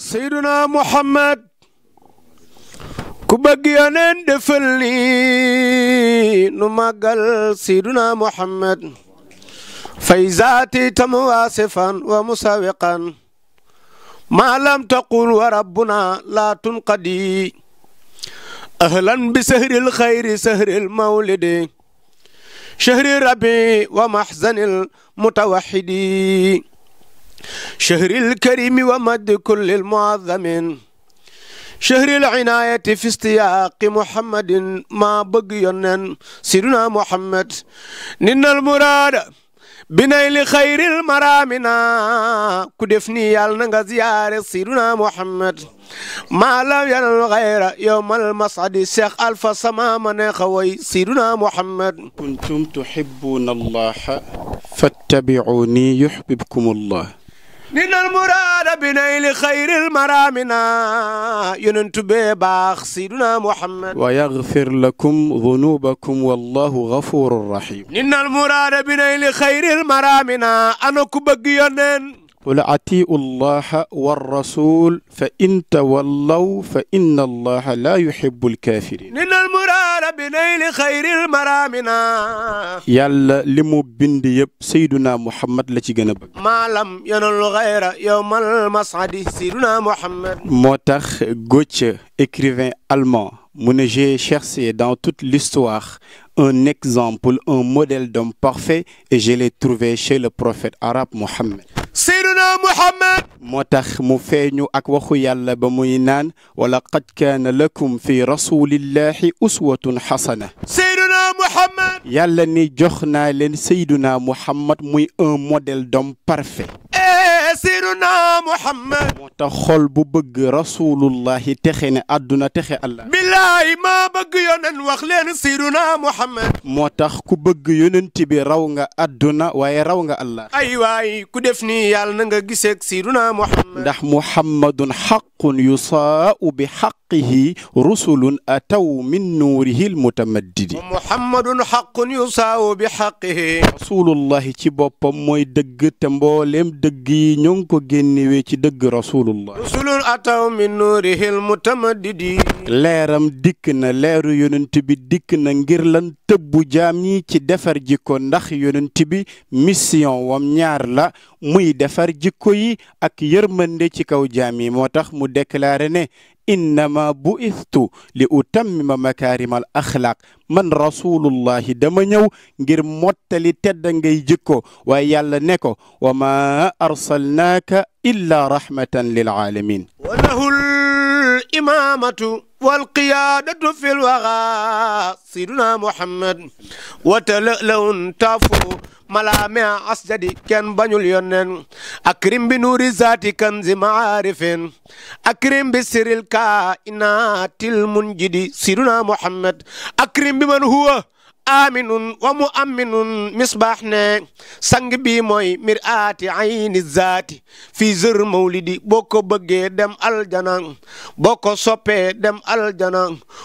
seyduna muhammad ku bëgg yoneen defal ni nu màggal seyduna muhammad fayzaati tam waasifan wa musawiqan ma lam taqul wa rabbuna la tunqadi ahlan bi sahril xayri sahril mawlidi shahri rabbi wa mahzanil mutawahidi شهر الكريم ومد كل المعظم شهر العناية في استياق محمد ما بقي ينن سيدنا محمد نن المراد بنيل خير المرامنا كدفني يال نغا زيارة سيدنا محمد ما لم ينل غير يوم المصعد الشيخ ألف سما من خوي سيدنا محمد كنتم تحبون الله فاتبعوني يحببكم الله nit al muraada bi nay li xayril maraamina yonentu bee baax siduna Muhammad wa yagfir lakum dunubakum wallahu gafurun rahim nit al muraada bi nay li xayril maraamina ana ku bëgg yoneen qul atiu llaha warrasul fa in tawallaw fa inna allaha la yuhibbu alkafirin yàlla li mu bind yëpp sayduna muhammad la ci gën a bëgg maalam yanal xayra yowmal masadi sayduna muhammad moo tax Goethe écrivain allemand mu ne j'ai cherché dans toute l'histoire un exemple un modèle d'homme parfait et je l'ai trouvé chez le prophète arabe Mohammed seyduna muhammad moo tax mu feeñu ak waxu yàlla ba muy naan wala qad kaana lakum fi rasulillahi uswatun xasana seyduna muhammad yàlla ni jox naa leen seyduna muhammad muy un modèle d'homme parfait eh, Seydina Muhammad moo tax bu bëgg rasulullahi texe ne àdduna texe Allah billahi maa bëgg yonen wax leen Seydina moo tax ku bëgg yonent bi raw nga àdduna waaye raw nga Allah ay waay ku def nii yàlla na nga giseeg Seydina Muhammad ndax Muhammadun xaqun yusaa'u bi xaqihi rusulun ataw min nuurihi almutamaddidi Muhammadun xaqun yusaa'u bi xaqihi rasulullahi ci boppam mooy dëgg te mbooleem dëgg ñoo ko génnewee ci dëgg rasulullah rusulun ataw min nuurihil mutamaddidi leeram dikk na leeru yonent bi dikk na ngir lan tëbbu jaam yi ci defar jikko ndax yonent bi mission wom ñaar la muy defar jikko yi ak yërmande ci kaw jaam yi moo tax mu déclaré ne innama buistu li utammima makarima al axlaaq man rasulullahi dama ñëw ngir mottali tedd ngay jikko waaye yàlla ne ko wa ma arsalnaaka illa rahmatan lil alamin wa lahu al imamatu والقيادة في الوغى سيدنا محمد وتلألون تافو ملامع أسجد كان بنو اليونن أكرم بنور ذاتي كنز معارف أكرم بسر الكائنات المنجد سيدنا محمد أكرم بمن هو aminun wa mu aminun misbaax ne sang bi mooy mir aati ayni zaati fii zër mawlidi boo ko bëggee dem aljana boo ko soppee dem aljana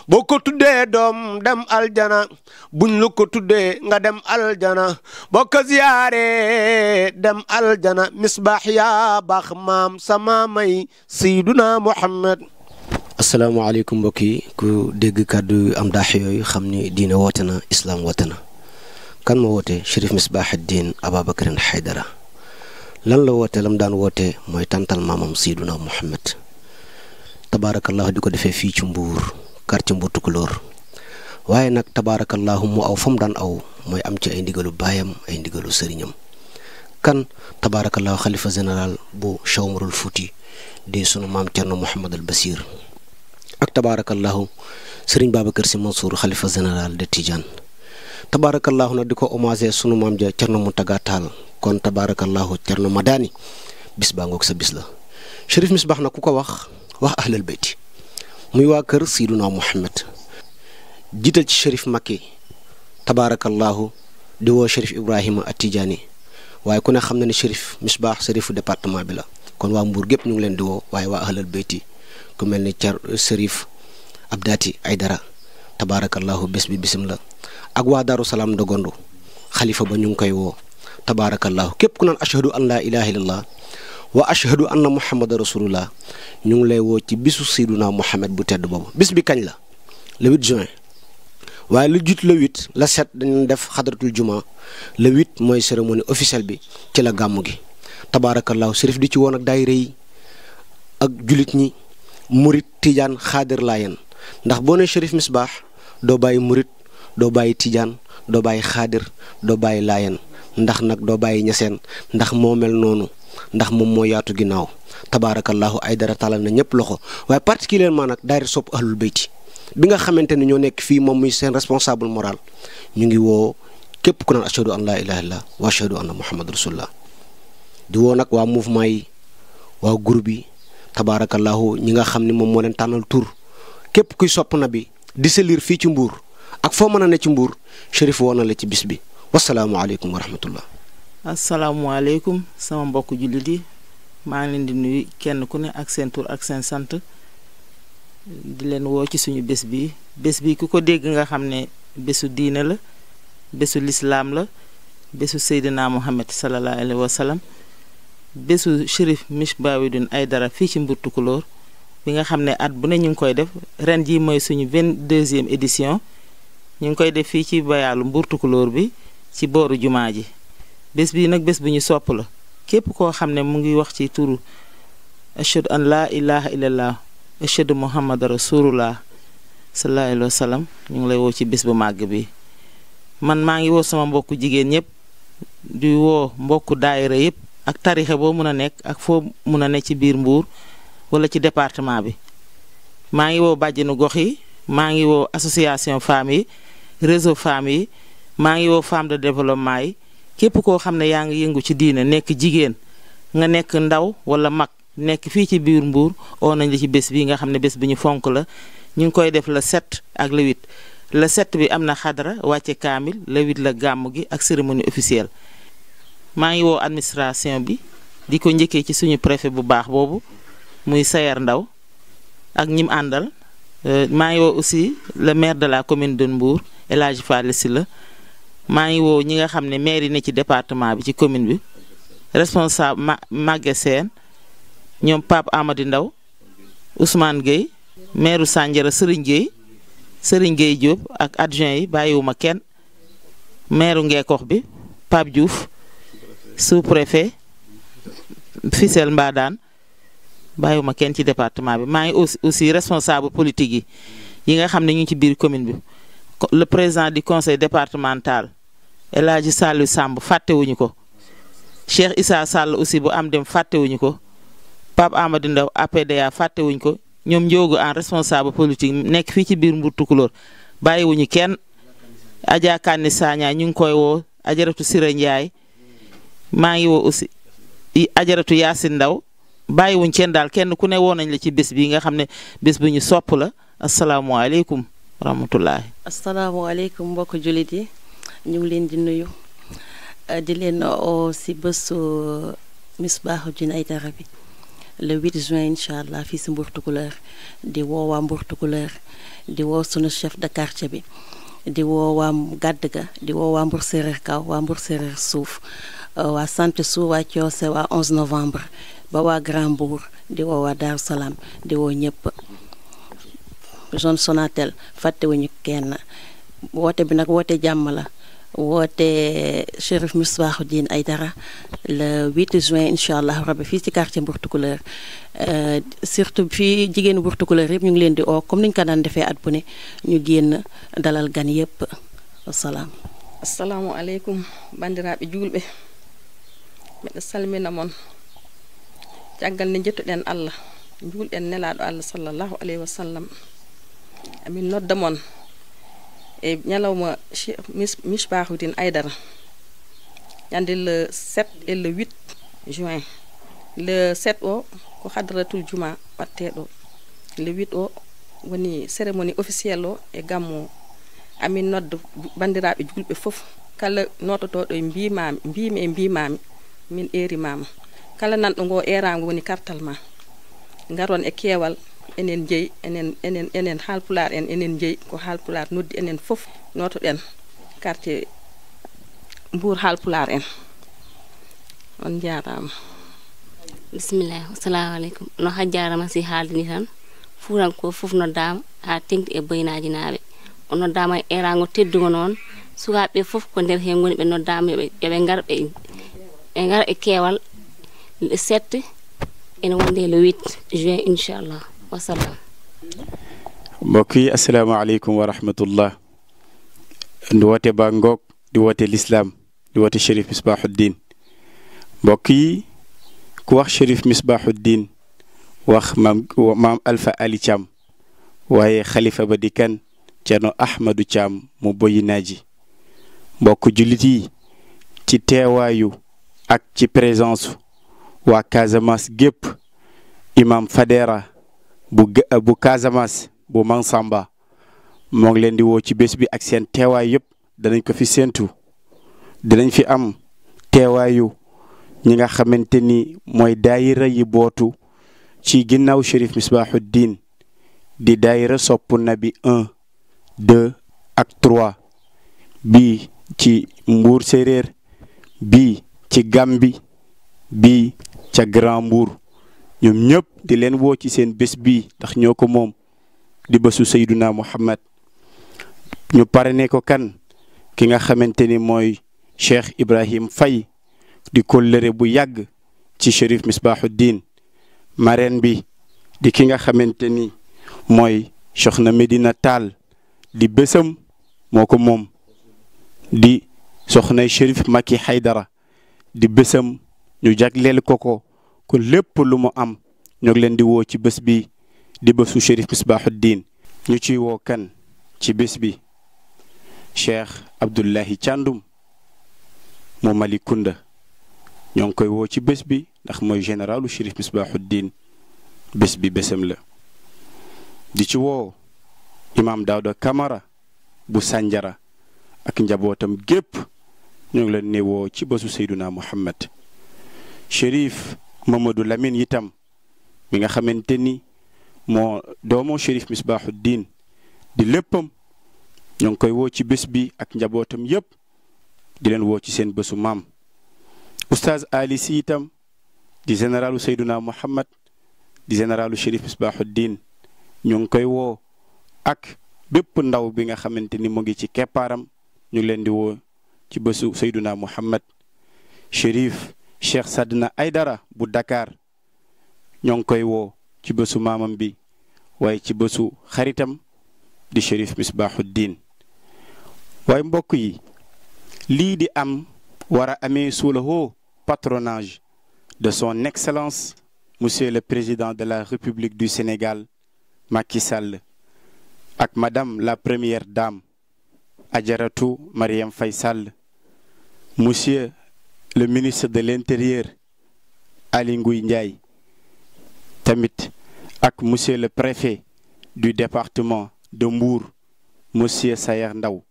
boo ko tuddee doom dem aljana buñ lu ko tuddee nga dem aljana boo ko ziyaaree dem aljana misbaax yaa baax maam sama may sayduna muhammad asalaamaaleykum mbokk yi ku dégg kàddu yu am daax yooyu xam ni diine woote na islaam woote na kan ma woote Chérif Misbahadine Ababacarine Haydara lan la woote lam daan woote mooy tàntal maamam Seydina Muhammad tabaarakallahu di ko defee fii ci Mbuur quartier Mbuur Tukulóor waaye nag tabaarakallahu mu aw fa mu daan aw mooy am ci ay ndigalu baayam ay ndigalu sëriñam kan tabaarakallahu xalifa général bu Chawmarul Fouti di sunu maam Cerno Muhammadal ak tabaarakallahu sëriñ Babacar Sy Mansour xalifa général de Tidiane tabaarakallahu nag di ko hommage sunu maam ja na Muntaga Taal kon tabaarakallahu Cerno Madani bis baa ngoog sa bis la Chérif Misbah na ku ko wax wax ahlal bayti muy waa kër Seydunaa Muhammad jiital ci Chérif Makki tabaarakallahu di woo Chérif Ibrahima Atijaani waaye ku ne xam na ne Chérif Misbah chérifu département bi la kon waa Mbour gépp ñu ngi leen di waaye waa ku mel ni car Serif Abdati Aydara tabaarakallahu bés bi bisim la ak waa Daaru Salaam Ndogondo xalifa ba ñu ngi koy woo tabaarakallahu képp ku naan ashhadu an laa ilaha illallah wa ashhadu anna muhammadan rasulullah ñu ngi lay woo ci bisu sayduna muhammad bu tedd boobu bis bi kañ la le 8 juin waaye lu jiit le 8 la 7 dañu def xadratul juma le 8 mooy cérémonie officielle bi ci la gàmmu gi tabaarakallahu sërif di ci woon ak daayira yi ak julit murit tijaan xaadir laayeen ndax boo ne Chérif Misbah doo bàyyi murit doo bàyyi tijaan doo bàyyi xaadir doo bàyyi laayeen ndax nag doo bàyyi ñeseen ndax moo mel noonu ndax moom moo yaatu ginnaaw tabaarakallaahu ay dara talal na ñëpp loxo waaye ma nag daayira sopp ahlul bi nga xamante ni ñoo nekk fii moom muy seen responsable moral ñu ngi woo képp ku naan ashadu an laa ilaaha illallaah wa ashadu anna muhammad rasulullah di woo nag waa mouvement yi waa groupe tabaarakallaahu ñi nga xam ni moom moo leen tànnal tur képp kuy sopp na bi di sa fii ci mbuur ak foo mën a ne ci mbuur Chérif woo na la ci bis bi wasalaamualeykum wa rahmatullah. asalaamualeykum sama mbokku jullit yi maa ngi leen di nuyu kenn ku ne ak seen tur ak seen sant di leen woo ci suñu bés bi bés bi ku ko dégg nga xam ne bésu diine la bésu lislaam la bésu Seydina Muhammad sallallahu alayhi wa sallam bésu Chérif Misbahouddine Aidara fii ci Mbour Tukulóor bi nga xam ne at bu ne ñu ngi koy def ren ji mooy suñu vingt deuxième édition ñu ngi koy def fii ci bayaalu Mbour Tukulóor bi ci booru jumaa ji bés bi nag bés bu ñu sopp la képp koo xam ne mu ngi wax ci turu ashadu an illah ilaha illallah ashadu muhammad rasulullah sallallahu alayhi wa sallam ñu ngi lay woo ci bés bu màgg bi man maa ngi woo sama mbokku jigéen ñëpp di woo mbokku daayira yëpp ak tarixe boo mën a nekk ak foo mun a nekk ci biir Mbuur wala ci département bi maa ngi woo bàjjenu gox yi maa ngi woo association femmes yi réseau femmes yi maa ngi woo femme de développement yi képp koo xam ne yaa ngi yëngu ci diine nekk jigéen nga nekk ndaw wala mag nekk fii ci biir Mbuur oo nañ la ci bés bi nga xam ne bés bi ñu fonk la ñu ngi koy def la 7 ak le 8 le 7 bi am na xadara wàcce kaamil le 8 la gàmm gi ak cérémonie officielle maa ngi woo administration bi di ko njëkkee ci suñu préfet bu baax boobu muy Sayar Ndaw ak ñim àndal euh, maa ngi woo aussi le maire de la commune de Mbour El Hadji si la maa ngi woo ñi nga xam ne mairi yi ne ci département bi ci commune bi responsable Magué seen ñoom Pape Amady Ndaw Ousmane Gueye maire Sandiara Serigne Gueye Serigne Gueye Diop ak adjoint yi bàyyiwuma kenn mairu Ngeekox bi Pape Diouf sous-préfet Fissel Mbadane bàyyiwuma kenn ci département bi maa ngi aussi aussi responsable politique yi yi nga xam ne ñu ngi ci biir commune bi le président du conseil départemental El Hadji Sallou Samb fàttewuñu ko Cheikh Issa Sall aussi bu am dem fàttewuñu ko Pape Amadou Ndaw APDA fàttewuñ ko ñoom njóogu en responsable politique nekk fii ci biir Mbour Tukulóor bàyyiwuñu kenn Adja Kani Sagna ñu ngi koy woo Ajaratu Sira Ndiaye maa ngi woo aussi ajaratu Yaasin Ndaw bàyyiwuñ ceen daal kenn ku ne woo nañ la ci bis bi nga xam ne bis bu ñu sopp la asalaamualeykum wa rahmatullaahi asalaamualeykum mbokk jullit yi ñu ngi leen di nuyu euh, di leen oo si bésu euh, Misbaahu Jinne ay dara bi le 8 juin incha allah fii si mburtu Tukulóor di woo waa Mbour di woo sunu chef de quartier bi di woo waa gàdd ga di woo waa Mbour Séeréer kaw waa Séeréer suuf Euh, waa sant su waa Coose waa 11 novembre ba waa Grand Mbour di woo waa Salaam di woo ñëpp zone Sonatel fàttewuñu kenn woote bi nag woote jàmm la woote Chérif Misbahoudiine Aïdara le 8 juin incha allah rabbi fii ci quartier Mbour Tukulër euh, surtout fii jigéenu Mbour Tukulër yëpp ñu ngi leen di oo comme ni ñu ko daan defee at bu ne ñu génn dalal gan yëpp wasalaam. asalaamualeykum bandiraɓe julɓe min salminamon caggal nde jettuɗen allah juulɗen nelaɗo allah sallllahu alayhi wa amin nodda mon e ñalawma misbahudin aydara ñande le 7 le 8 juin le 7 o ko hadratul juma watteɗo le 8 o woni cérémonie officiel o e gammo amin nodda bandiraɓe julɓe fof kala nototoɗo e mbimami mbimi e mbimami min erimama kala nanɗo ngo erago woni kartal ma garon e keewal enen jeeyi enen enen enen haalpular en enen jeeyi ko haalpular noddi enen fof notoɗen en on jarama bisimillahi assalamu aleykum no ha jarama haaldini tan fuuranko fof noddama ha tengti e baynaji naaɓe o noddama e erago teddugo noon sukaɓeɓe fof ko nder hen goni ɓe noddama yoɓe gar ɓe en gara mbokk yi asalaamaaleykum wa rahmatullah di woote di woote lislaam di woote Cherif Misbahuddin yi ku wax Cherif Misbahuddin wax maam maam Ali Thiam waaye xalifa ba di kan Cerno Ahmadu Thiam mu boyi naaji mbokk jullit yi ci teewaayu ak ci présence waa Casamance gépp imam Fadera bu euh, bu Casamance bu Mansamba moo ngi leen di woo ci bés bi ak seen teewaay yëpp danañ ko fi séentu dinañ fi am teewaayu ñi nga xamante ni mooy daayira yi bootu ci ginnaaw Chérif diin di daayira soppu nabi un deux ak trois bii ci Mbuur Séeréer bii ci Gàmbi bi ca Grand Mbour ñoom ñëpp di leen woo ci seen bés bii ndax ñoo ko moom di bésu Seyduna Muhammad ñu pare ne ko kan ki nga xamante ni mooy Cheikh Ibrahim fay di kóllëre bu yàgg ci Chérif diin marraine bi di ki nga xamante ni mooy Soxna Medina Tall di bésam moo ko moom di soxnay Chérif Maki Haydara di bésam ñu jagleel ko ko kon lépp lu mu am ñoo ngi leen di woo ci bés bi di bésu Chérif diin ñu ciy woo kan ci bés bi Cheikh Abdullahi Thiandoum mu Malicounda ñoo ngi koy woo ci bés bi ndax mooy généralu Chérif Misbahoudine bés bi bésam la di ci woo Imam Daouda kamara bu sànjara ak njabootam gépp ñu ngi leen woo ci bésu Seyduna Muhammad Chérif Mamadou Lamine itam mi nga xamante ni moo doomu Chérif diin di léppam ñoo ngi koy woo ci bés bi ak njabootam yépp di leen woo ci seen bësu maam oustaz Ali si itam di généralu Seyduna Muhammad di généralu Chérif diin ñu ngi koy woo ak bépp ndaw bi nga xamante ni mu ngi ci keppaaram ñu leen di woo ci bésu Seyduna Muhammad Chérif Cheikh Sadna Aydara bu Dakar ñoo ngi koy woo ci bésu maamam bi waaye ci bésu xaritam di Chérif Misbahuddin waaye mbokk yi lii di am war a amee sous le patronage de son excellence monsieur le président de la République du Sénégal Macky Sall ak madame la première dame Ajaratu Mariam fay Sall monsieur le ministre de l'intérieur Aly Ngouille Ndiaye tamit ak monsieur le préfet du département de Mbour monsieur Sayer Ndaw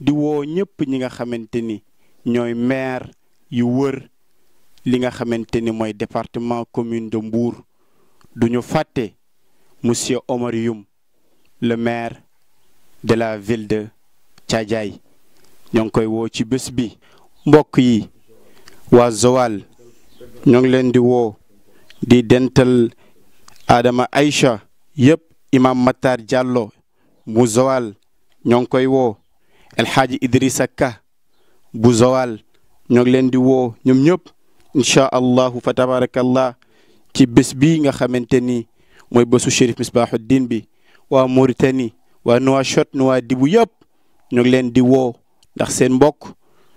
di woo ñépp ñi nga xamante ni ñooy maire yu wër li nga xamante ni mooy département commune de Mbour ñu fàtte monsieur Omar Youm le maire de la ville de caajaay ñoo ngi koy woo ci bés bi mbokk yi waa Joal ñoo ngi leen di woo di dental Adama Aïcha yëpp imam Matar Diallo bu Joal ñoo ngi koy woo El Hadji Idrissa Ka bu Joal ñoo ngi leen di woo ñoom ñëpp inchaa allahu fa tabarakallah ci bés bi nga xamante ni mooy bésu Chérif Misbahuddin bi waa Mauritanie waa Nouakchott waa dibu yëpp ñu ngi leen di woo ndax seen mbokk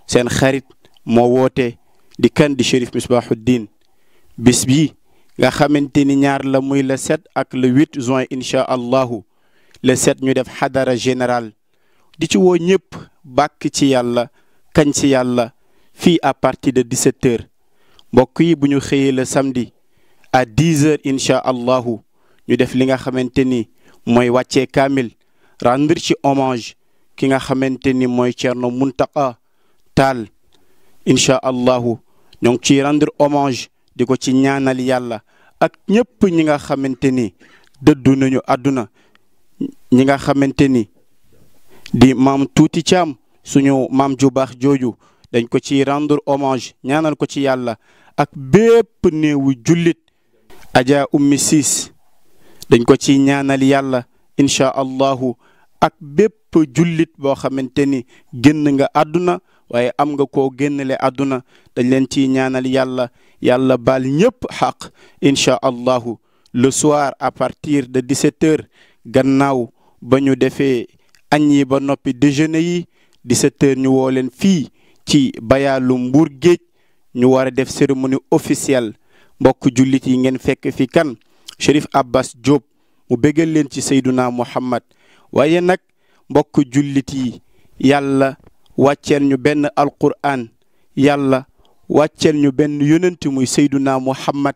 seen xarit moo woote di kandi di Cherif Misbahuddin bis bi nga xamante ni ñaar la muy le 7 ak le 8 juin incha allahu le 7 ñu def xadara général di ci woo ñëpp bakk ci yàlla kañ ci yàlla fii à partir de 17 heures mbokk yi bu ñu xëyee le samedi à 10 heures incha allahu ñu def li nga xamante ni mooy wàccee kaamil rendre ci hommage ki nga xamante ni mooy Thierno Mountaga Tall incha allahu ñoo ngi ciy rendre hommage di ko ci ñaanal yàlla ak ñëpp ñi nga xamante ni dëddu nañu àdduna ñi nga xamante ni di maam tuuti caam suñu maam ju baax jooju dañ ko ci rendre hommage ñaanal ko ci yàlla ak bépp néewu jullit Adja Ummi Siis dañ ko ci ñaanal yàlla incha allahu ak bépp jullit boo xamante ni génn nga àdduna waaye am nga koo génnale àdduna dañ leen ci ñaanal yàlla yàlla baal ñëpp xaq incha allahu le soir à partir de 17 heures gannaaw ba ñu defee añ yi ba noppi déjeuner yi 17 ñu woo leen fii ci bayaalu mbuur géej ñu war a def cérémonie officielle mbokk jullit yi ngeen fekk fi kan Cherif Abbas Diop mu bégal leen ci Seyduna Muhammad waaye nag mbokk jullit yi yàlla wàcceel ñu benn alquraan yàlla wàcceel ñu benn yonent muy seyduna muhammad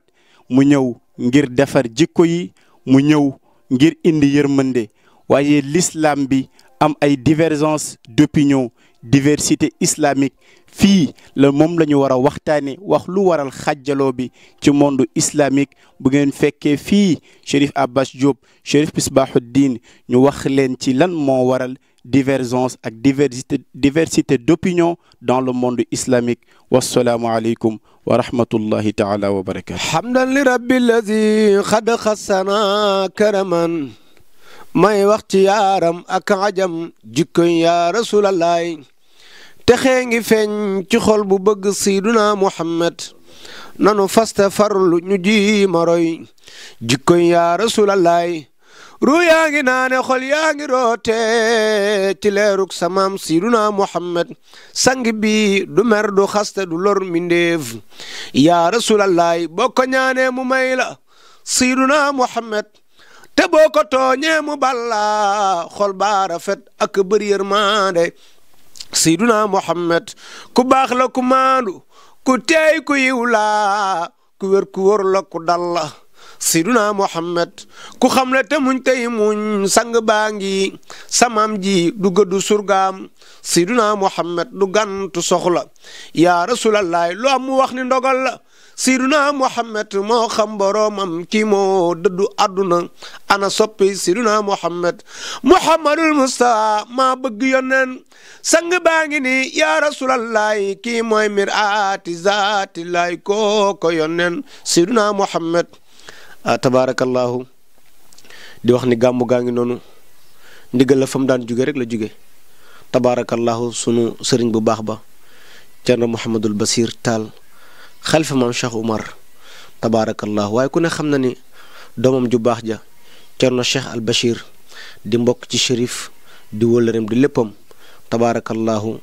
mu ñëw ngir defar jikko yi mu ñëw ngir indi yërmande waaye lislaam bi am ay divergence d'opinion diversité islamique fii la moom lañu ñu war a waxtaane wax lu waral xàjjaloo bi ci monde islamique bu ngeen fekkee fii Cherif Abbas Diop Cherif Misbahoudine ñu wax leen ci lan moo waral divergence ak diversité diversité d'opinion dans le monde islamique wassalaamu aleykum wa rahmatullahi taala wa barakatu hamdan li rabbi allazi xad wax ci texee ngi feeñ ci xol bu bëgg siiduna muhammad nanu fasta farlu ñu ji maroy jikkoy yaa rasulallaay ruu yaa ngi naane xol yaa ngi roote ci leerug samaam siiduna muhammad sang bi du mer du xasta du lor mindéef yaa rasulallaay boo ko mu may la siiduna te boo ko tooñee mu balla xol baa rafet ak bëri yërmande seyduna muhammad ku baax la ku maandu ku teey ku yiw laa ku wér ku wóor la ku dal la seyduna muhammad ku xam la te muñ tey muñ sang baa ngi samaam ji du gëddu surgaam seyduna muhammad du gantu soxla yaa rasulallah lu am mu wax ni ndogal Siduna Muhammad moo xam boroomam kii moo dëddu àdduna ana soppi Siduna Muhammad Muhammadul Mustafa maa bëgg yoneen sang baa ngi ni yaa Rasulallahi kii mooy miraati zaati laay kooko yoneen Siduna Muhammad ah di wax ni gàmmu gaa ngi noonu ndigal la fa daan jóge rek la jóge tabaarakallahu sunu sëriñ bu baax ba Cerno Muhammadul Basir Taal xalifa maam Cheikh Umar tabaarakallah waaye ku ne xam na ni doomam ju baax ja Cerno Cheikh Al Bachir di mbokk ci shérif di wëllëreem di léppam tabaarakallahu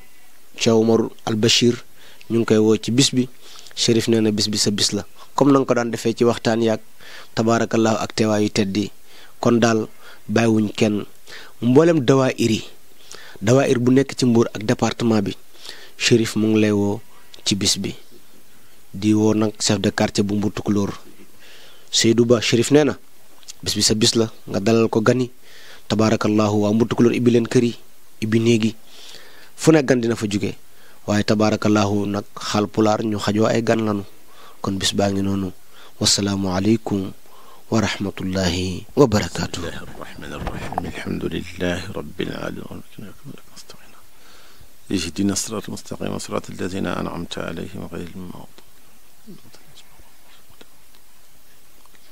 Cheikh Umar Al Bachir ñu ngi koy woo ci bis bi shérif nee na bis bi sa bis la comme na nga ko daan defee ci waxtaan yaag tabaarakallahu ak teewaayu teddi kon daal bàyyiwuñ kenn mboolem dawaa ir yi dawaa ir bu nekk ci mbuur ak département bi shérif mu ngi lay woo ci bis bi diwoo nag chef de quartier bu Mbour Tukulóor Seydou Ba Chérif nee na bis sa bis la nga dalal ko gani tabaarakallaahu waa Mbour Tukulóor ibbi leen kër yi ibbi néegi fu ne gan dina fa jóge waaye tabaarakallaahu nag xaal pulaar ñu xajoo ay gan lanu kon bis baa ngi noonu wasalaamu aleykum wa rahmatullahi wa barakaatu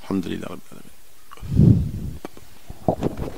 alhamdulilah rabbil alamin